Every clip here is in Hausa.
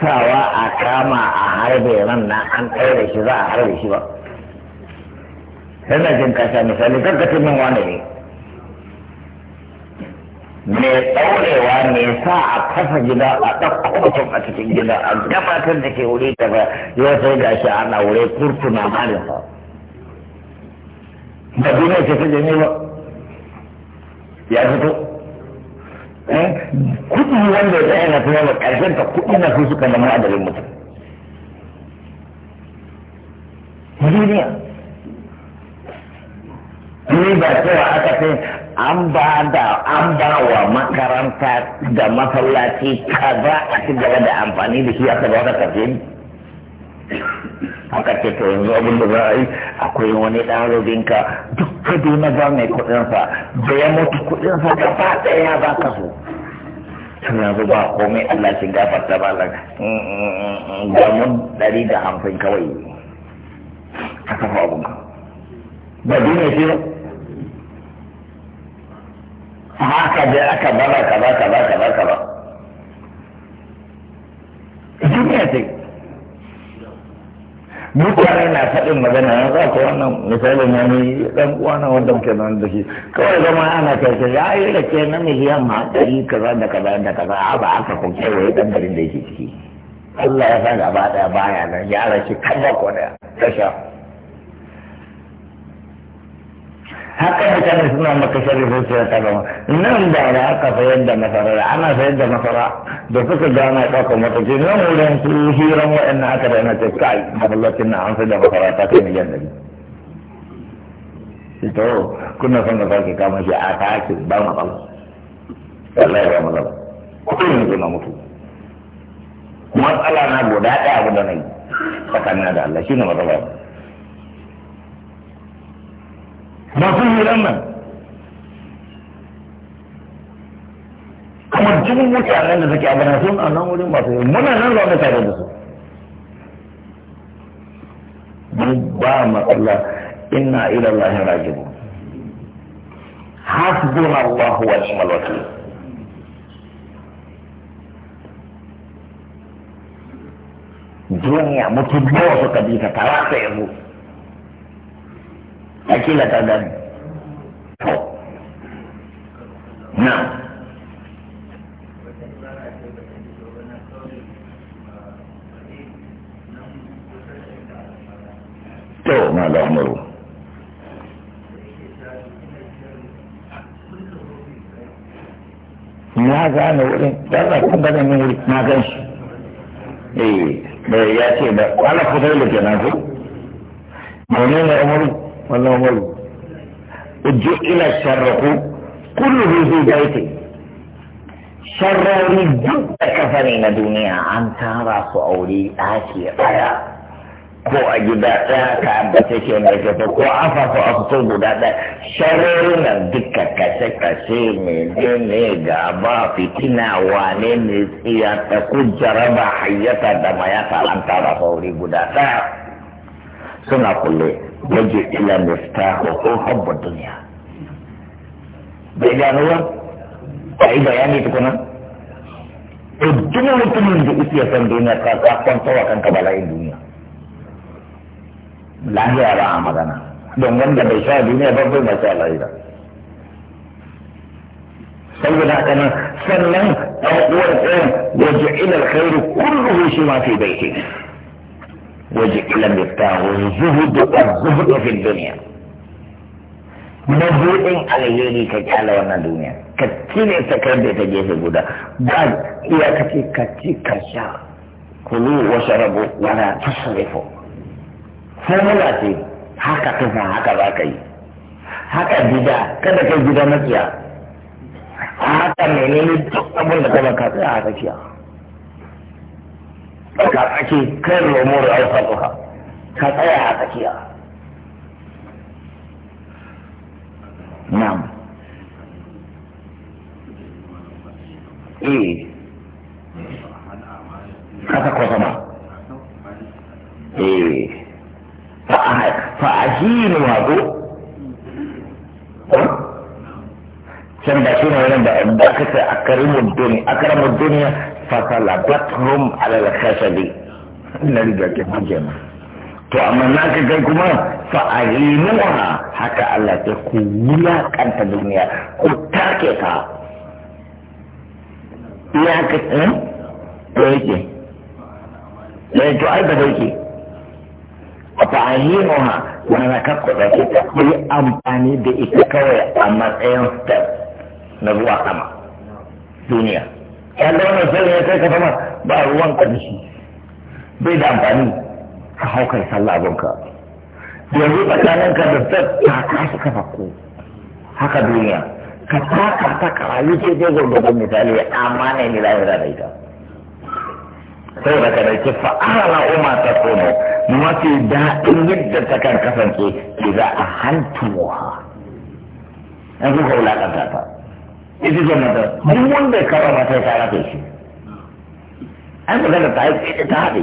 sawa a kama a harbe ran na an ɗaure shi za a harbe shi ba yana jin kasa misali karkacin min wani ne mai ɗaurewa ne sa a kasa gida a ɗauko mutum a cikin gida a gabatar da ke wuri da ba ya sai ga shi ana wuri kurtuna malin sa ba duniya ce ta jami'a ya fito Eh? kuɗi wanda ya yana fi yawa ƙarshen ka kuɗi na fi suka zama adalin mutum duniya ni ba cewa aka ce an ba da an ba wa makaranta da masallaci kaza a ci da amfani da shi aka ba ka tafiye aka ce to yanzu abin da za a yi akwai wani ɗan rubinka duk kaduna ba mai kuɗinsa da ya mutu kuɗinsa gaba ɗaya ba ka so tun yanzu ba komai Allah shi gafarta ba lan gamun dari da hamsin kawai ka kafa abin ka ba duniya ce ba haka dai aka bala kaza kaza kaza kaza duniya ce mutane na faɗin magana ya za ka wannan misalin wani ɗan uwa na wanda muke nan da shi kawai zama ana kyauce ya yi rake na miliyan ma ɗari kaza da kaza da kaza a ba aka kun kewaye ɗan garin da yake ciki Allah ya sa gaba ɗaya baya nan ya rashi kan ko ɗaya ta haka mutane suna maka shari zuciya ta gama nan da da aka sayar da masara ana sayar da masara da suka gana ɗaukar mataki nan wurin su hiran waɗannan aka da na ce kai mallacin na an sayar da masara ta kai miliyan ɗari ito to kuna son ka sake kama shi a sake ba matsala wallahi ba matsala kuɗin yanzu na mutu matsala na guda ɗaya abu da na yi tsakanin da Allah shi ne matsala masu hiran nan kamar cikin mutanen da suke a gana sun nan masu hiran muna nan zaune tare da su mun ba matsala inna ila Allah rajibu hasbuna Allah wa ni'mal wakil duniya mutum nawa suka bi ka tara ta yanzu kila ta gani na to ma da amuru na gane wurin da za ku gane min wuri na gan shi eh bai ya ce ba ala kudai da kenan ko menene amuru wannan wani uju ila sharraku kullu zai baiti sharrari duk da kafa ne na duniya an tara su aure ɗaki ɗaya ko a gida ɗaya ka ambata ke mai kafa ko an fafa a fito guda ɗaya sharrari na duka kashe kashe ne ne gaba fitina wane ne tsiya ta kujjara ba hayyata da mayata an tara su aure guda ɗaya suna kulle waje ila miftahu ko habba duniya bai gano ba a yi bayani tukuna to duk mutumin da ita san duniya ka ka kwanta wa kanka bala'in duniya lahira ba a magana don wanda bai sha duniya ba bai mace lahira saboda haka nan sannan ɗan uwan ɗayan waje ila alkhairu kullum shi ma fi baiti وجئت لم يبتاعوا الزهد الزهد في الدنيا mabuɗin alheri ka kyala wannan duniya ka cire ta kai da ta gefe guda ba iya kace ka ci ka sha kulu wa sharabu wa la tusrifu formula ce haka ka san haka za ka yi haka gida kada ka gida makiya haka menene duk abin da ka tsaya haka kiya daga tsaki kai lomor a wasafuka ka tsaya a tsakiya na'am eh kasa ko sama eh fa ahinu wa ko can ba shi ne wurin da aka ce akarimu duniya akarimu duniya fasalabathum ala al-khashabi na da ke kenan to amma na ka kai kuma fa ahinuha haka Allah ta ku kanta duniya ku take ka ya ka eh to yake eh to ai ba dauke fa ahinuha na ka ku dauke ta ku yi amfani da ita kawai a matsayin step na zuwa sama duniya ya da wannan ya kai ka sama ba ruwan ka dashi bai da amfani ka hau kai sallah abinka yanzu tsakanin ka da ta taka su kafa ko haka duniya ka taka ta karayu ce dai gurgurdan misali amma ne ni lahira da ita da ka dauki fa'ara na umar ta kono mafi daɗin yadda ta kan kasance za a hantuwa yanzu ka wulaƙanta ta ita jannata duk wanda ya kawo mata ta rafe shi an magana ta yi haifi ta haɗe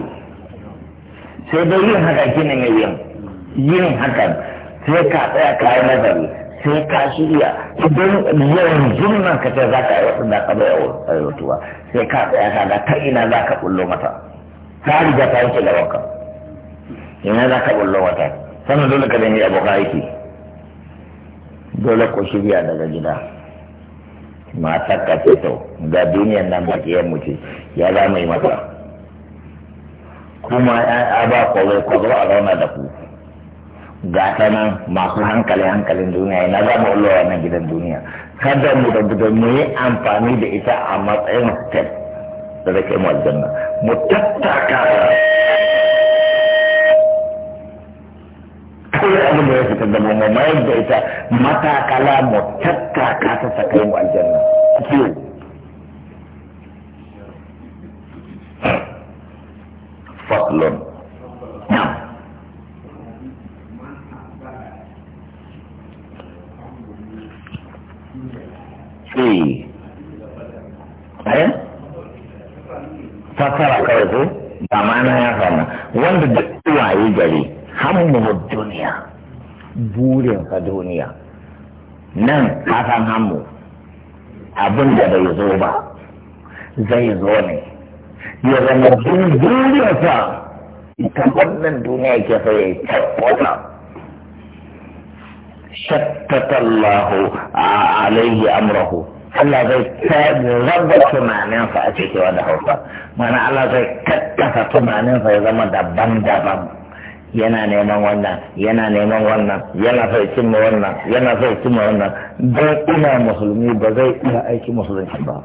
sai dai yin haka ne ya yin yin haka sai ka tsaya ka yi nazari sai ka shirya idan yanzu nan ka ce za ka yi wasu da ka bai aiwatuwa sai ka tsaya ka ga ta ina za ka bullo mata ta riga ta wuce gaban ka ina za ka bullo mata sannan dole ka dangi abokan aiki dole ko shirya daga gida matar ka ce to ga duniyan nan bakiyar mu ce ya za mu yi mata kuma ya eh, ba kowai ku zo a zauna da ku ga ta nan masu hankali hankalin duniya na za mu ullowa nan gidan duniya kada mu da mu yi amfani da ita a eh, matsayin step da zai mu aljanna mu tattaka abin da ya fita da mu mayar da ita matakala mu tattaka ta ta kai mu aljanna kiwo faslon Eh. Ayah? Fasara burinsa duniya nan san hannu abin da bai zo ba zai zo ne ya zama sa ita wannan duniya ke sai ya tabbata shattata Allah alaihi amrahu Allah zai raba tunaninsa a cikin wani hausa mana Allah zai kakkasa tunaninsa ya zama daban-daban yana neman wannan yana neman wannan yana sai cimma wannan yana sai cimma wannan don ina musulmi ba zai iya aiki musulunci ba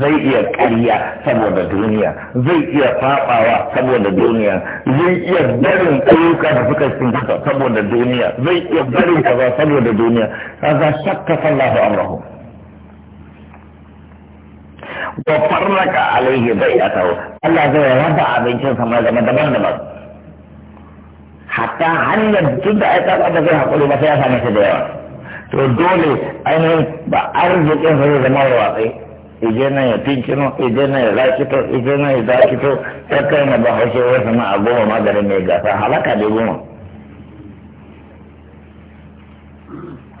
zai iya ƙarya saboda duniya zai iya fafawa saboda duniya zai iya barin ayyuka da suka cinta saboda duniya zai iya barin kaza saboda duniya kaza shakka sallahu amrahu wa farraka alaihi bai'atahu Allah zai raba abincin sa zama daban-daban hatta hanyar duk da aika ba zai haƙuri ba sai ya same shi da yawa to dole ainihin ba arzikin sa zai zama watsai ije nan ya tinkino ije nan ya zakito ije nan ya zakito ta kai na bahaushe wasu na a goma maganin mai gasa halaka da goma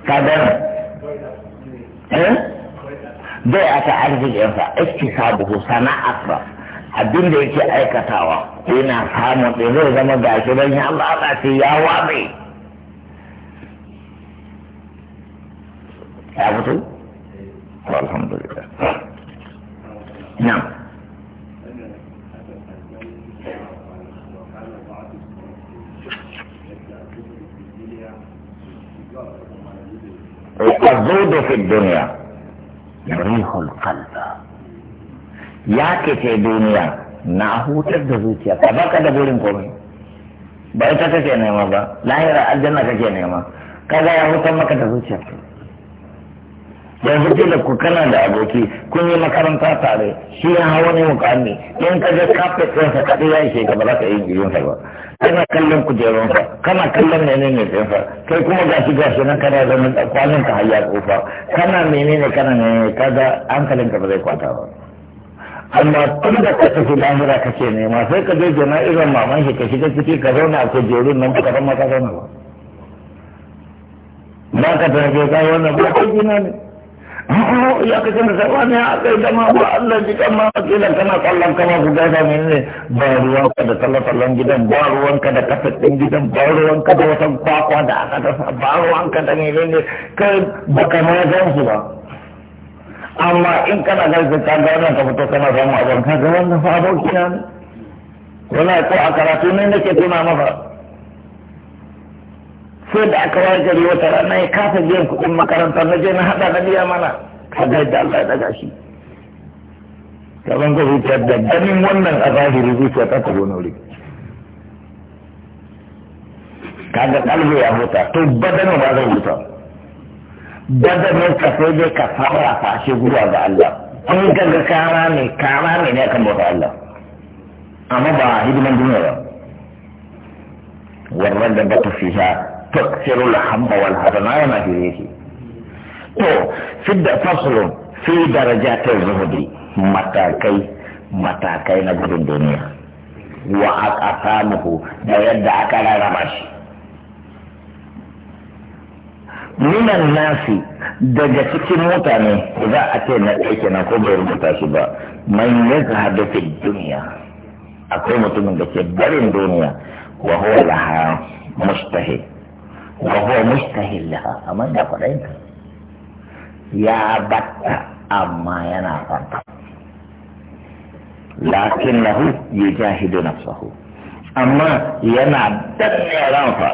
ka gana eh بيعة عرض الإنفاق اكتسابه صناعة abin da yake aikatawa yana samun da zai zama gashi don ya Allah Allah ce ya wabe ya fito? alhamdulillah na الزود في الدنيا yarihul qalba ya ke ce duniya na hutar da zuciya ka baka da burin komai ba ita kake nema ba lahira aljanna kake nema kaga ya hutar maka da zuciya yanzu kila ku kana da aboki kun yi makaranta tare shi ya hawa ne mukami in ka ga kafet ɗinsa kaɗai ya ishe ka ba za ka yi gidan sa ba kana kallon kujerun sa kana kallon menene ne sa kai kuma gashi gashi nan kana zama kwanan ka hayya kofa kana menene kana ne kaga hankalin ka ba zai kwata ba amma tun da ka tafi lamura ce nema sai ka je irin maman shi ka shiga ciki ka zauna a kujerun nan ka zama ka zauna ba. Ba ka tafi yi wannan ba kai gina ne. ya kace da zaba ne a kai ba Allah ji kan ma kana kallon kana ku ne ba ruwan ka da kallon gidan ba ruwan ka da gidan ba ruwan ka da wata kwakwa da aka ba ruwan ka da kai ba ka ma gan su ba amma in kana gaisa ka ga ka fito kana samu abin ka ga wannan fa abokina ne wala ko a karatu ne nake tuna maka sai da aka wayar gari wata rana ya kasa biyan kuɗin makarantar na je na haɗa na biya mana ka ga yadda Allah ya daga shi ka zan ka zuciyar da ganin wannan a zahiri zuciya ta tafi wani wuri ga ɗalibi ya huta to badanin ba zai huta badanin ka sai dai ka fara fashe zuwa ga Allah an gaga kara ne kara ne ne kan bauta Allah amma ba hidiman duniya ba wannan da ba ta fi تكثر الحمى والهدم على ما في ذلك تو فد فصل في درجات الزهد متى كي متى كي نقول الدنيا وعق أثامه دا يدعى كلا رمش من الناس دجا سكي موتاني إذا أتينا إيكنا كبير متاشبا من يذهب في الدنيا أقوم تمنى كبير الدنيا وهو لها مشتهي wa huwa mustahil amma da kwaɗayin ta ya batta amma yana kwanta lakin lahu yujahidu nafsahu amma yana danne ranfa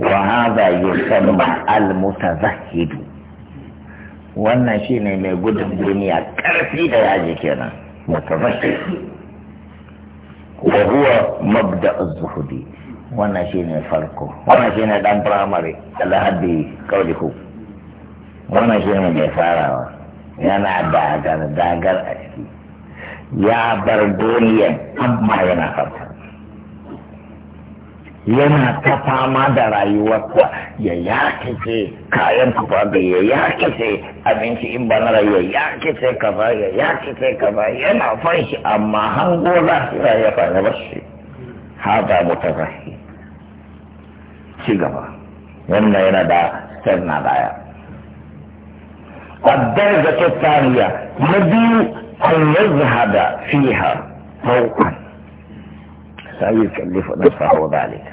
wa hadha yusamma al-mutazahhidu wannan shine mai gudun duniya karfi da yaji kenan mutazahhid wa huwa zuhudi wannan shi ne farko wannan shi ne dan firamare kawai ku wannan shi ne mai farawa yana dagar dagar a ciki ya bar duniya amma yana farko yana ta fama da rayuwa ya yakice kayan tufafi ya yakice abinci in ba na rayuwa ya yakice kaza ya yana fashi amma hango lafiya ya fara bashi hada mutafahi ci gaba wannan yana da na baya الدرجة الثانية نبي أن يذهب فيها فوقا سيكلف نفسه ذلك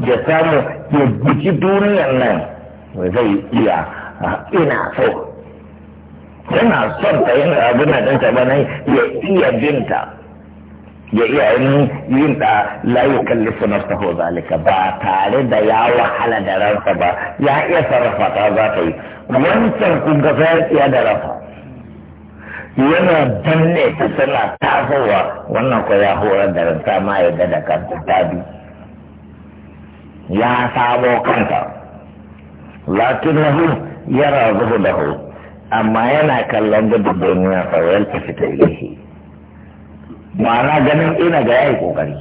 جسامه يبكي دوني أنه وزي إياه ina so yana son ta yin abin da ta bane ya iya binta ya iya yin da la yukallifu nafsahu zalika ba tare da ya wahala da ransa ba ya iya sarrafa ta za ta yi wancan kun ga sai da rafa yana danne ta ta hawa wannan ko ya horar da ransa ma ya da daga ta bi ya samo kanta lakin lakinnahu yara zuhudahu amma yana kallon gudun duniya fa yalta fita ma'ana ganin ina ga yayi kokari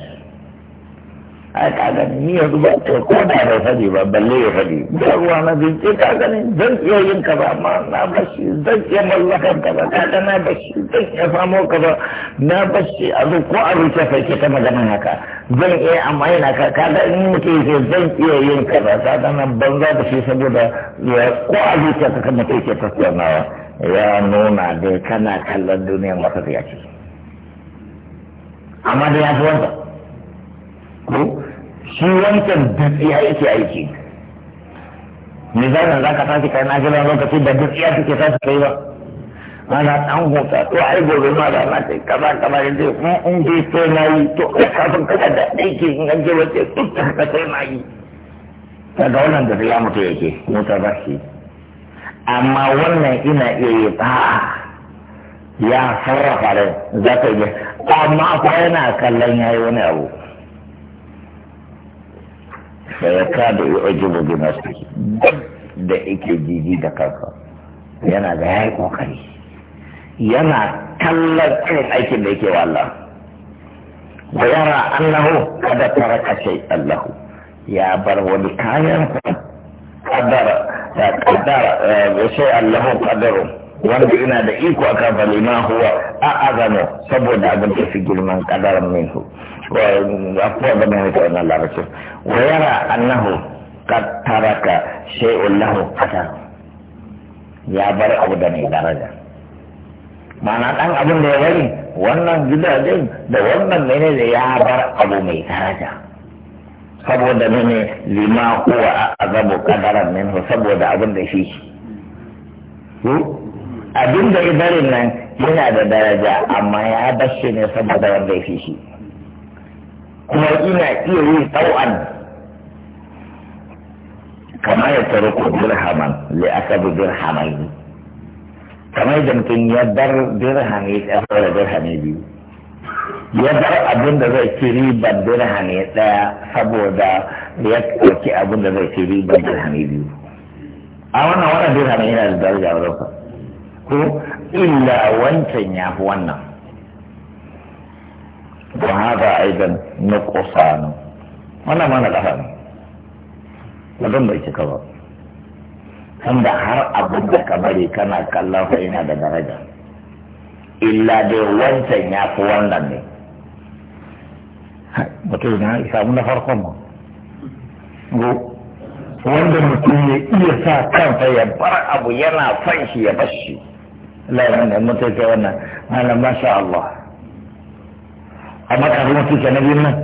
a ka gani ni yanzu ba ta ko da da fadi ba balle ya fadi ba ruwa na ce ka gani zan iya yin ka ba amma na bashi zan iya mallakar ka ba ka na bashi zan iya samo ka ba na bashi a zo ko a rufe sai ta maganin haka zan iya amma yana ka ka ga in mutum ya zan iya yin ka ba ka ga ban banza da shi saboda ko a rufe ka ya ce ta tsanawa ya nuna dai kana kallon duniyar masu ya ce. amma da ya fi wanda ko shi wancan dutsiya yake aiki mizanin za ka tashi kai na gina lokaci da dutsiya suke tashi kai ba ana an huta to ai gobe ma da na kai kaza kaza da zai mm, in dai sai na yi to ai kafin kada da aiki in an je wace duk da haka sai na yi daga wannan da ya mutu yake mota ba shi amma wannan ina iya yi ba ah, ya sarrafa da za ka yi amma fa yana kallon ya yi wani abu da ya ka da ya ji bi nasu da yake jiji da kanka yana da ya yi kokari yana kallon irin aikin da yake wa Allah wa yara Allahu kada taraka shay Allahu ya bar wani kayan kadara ya kadara ya eh, shay Allahu kadaru wanda ina da iko a kan falima huwa a azano saboda abin da fi girman kadaran minhu afuwa ga mai ta wannan larabcin wa yara annahu kad taraka shay'un lahu qadar ya bar abu da mai daraja ma'ana dan abin da ya bari wannan gidajen da wannan mene ne ya bar abu mai daraja saboda mene lima huwa a azabu kadaran minhu saboda abin da shi abin da ibarin nan yana da daraja amma ya bashe ne saboda wanda ya fi shi kuma ina iya yin tsawon kama ya tsaro ko dirhaman le asabu dirhamai kamar da mutum ya bar dirhami ya da dirhami biyu ya bar abin da zai ci riban ya tsaya saboda ya ɗauki abin da zai ci riban dirhami biyu a wannan wannan dirhami yana da daraja wurin ko illa wancan ya fi wannan don haka aidan na kusanu wannan mana ƙasa ne wadon bai cika ba tunda har abin da ka bari kana kallon fa ina da daraja illa dai wancan ya fi wannan ne mutum na samu na farkon mu wanda mutum ya iya sa kansa ya bar abu yana son shi ya bar shi لا منتج وانا انا ما شاء الله amma kafin mutum ke na biyun nan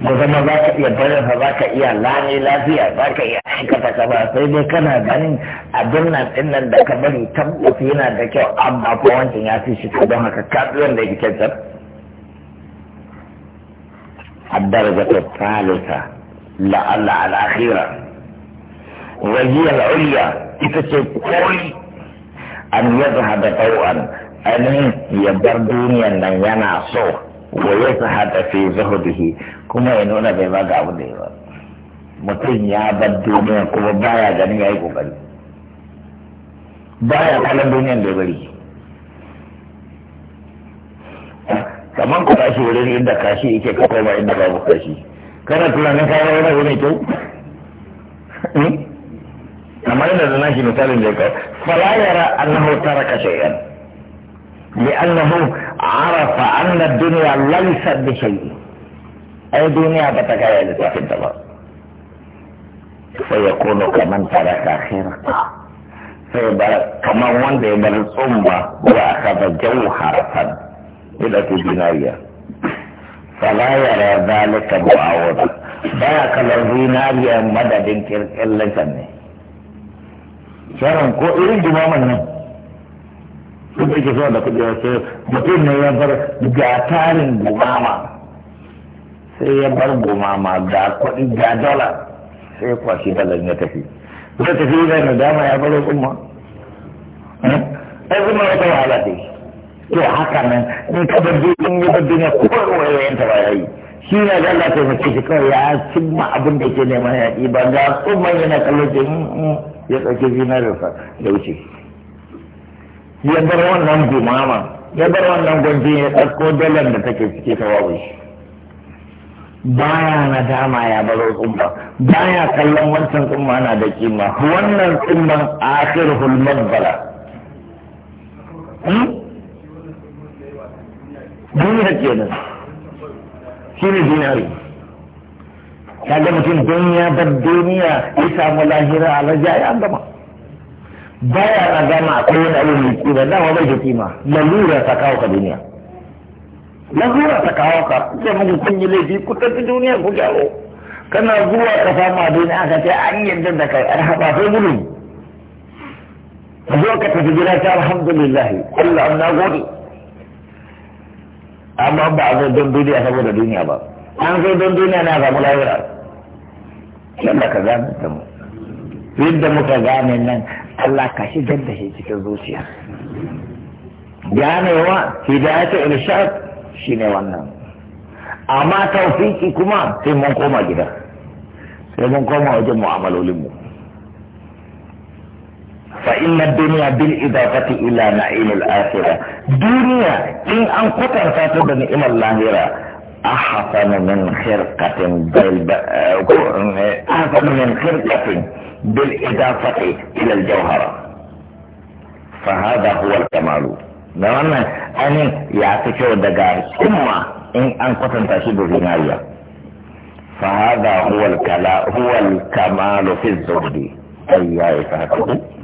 da zama za ka iya barin za ka iya lani lafiya za ka iya aikata ka ba sai dai kana ganin abin nan din nan da ka bari tabbas yana da kyau amma ko wancan ya fi shi don haka ka biyan da yake kyantar الدرجة الثالثة لعل الأخيرة وهي العليا تتسكولي an da taw'an an ya bar duniyan nan yana so wa yadhhaba fi zuhdihi kuma ya nuna bai ba ga abu da yawa mutum ya bar duniya kuma baya ganin yayi kokari baya kallon duniyan da bari kamar ku tashi wurin inda kashi yake ka koma inda babu kashi kana tunanin kayan wani abu kyau hmm? نمرنا لناك مثال ذلك فلا يرى أنه ترك شيئا لأنه عرف أن الدنيا ليست بشيء أي دنيا بتكاية لتوحيد الله فيكون كمن ترك آخرة فيبقى كما وانده من الصمة وأخذ جوهرة إلى الدنيا فلا يرى ذلك معاوضة ذاك الذي ناري مدى بنكر إلا sharan ko irin jimaman nan sun da ke so da kuɗi wasu mutum ne ya bar ga tarin gumama sai ya bar gumama ga kudi ga dala sai kwashi dalar ya tafi zai tafi da na dama ya baro kuma eh? ai kuma wata wahala dai to haka nan in ka bar in yi bar duniya ko ruwa ya yanta ba yayi shi ne da Allah ta mace shi kawai ya cimma abin da ke neman ya ba ga kuma yana kallon mm, mm. ya ɗauki zinarinsa ya wuce ya bar wannan gumama ya bar wannan gwanjin ya ɗauko dalar da take cike ta wawo shi baya na dama ya baro tsumma baya kallon wancan tsumma na da kima wannan tsumman akhir hulman bala hmm? duniya kenan shi ne dinari kaga mutum don ya bar duniya ya samu lahira a laja ya gama baya na gama akwai wani abu mai kima dama bai da kima lalura ta kawo ka duniya lalura ta kawo ka sai muku kun yi laifi ku tafi duniya ku jawo kana zuwa ka samu a duniya aka ce an yarda da kai an haɗa sai gudun ka zo ka tafi gida ta alhamdulillah Allah na gode amma ba a zo don duniya saboda duniya ba an zo don duniya na samu lahira da ka gane ta mu yadda muka gane nan Allah ka shigar da shi cikin zuciya ganewa hidayatu irshad shine wannan amma taufiki kuma sai mun koma gida sai mun koma wajen mu'amalolinmu fa inna duniya bil idafati ila na'imil akhirah duniya in an kwatanta ta da ni'imar lahira أحسن من خرقة أحسن من خرقة بالإضافة إلى الجوهرة فهذا هو الكمال نعم أنا يعطيك ودقار ثم إن أنقص في نايا فهذا هو الكلا هو الكمال في الزهد أي يا إفهاته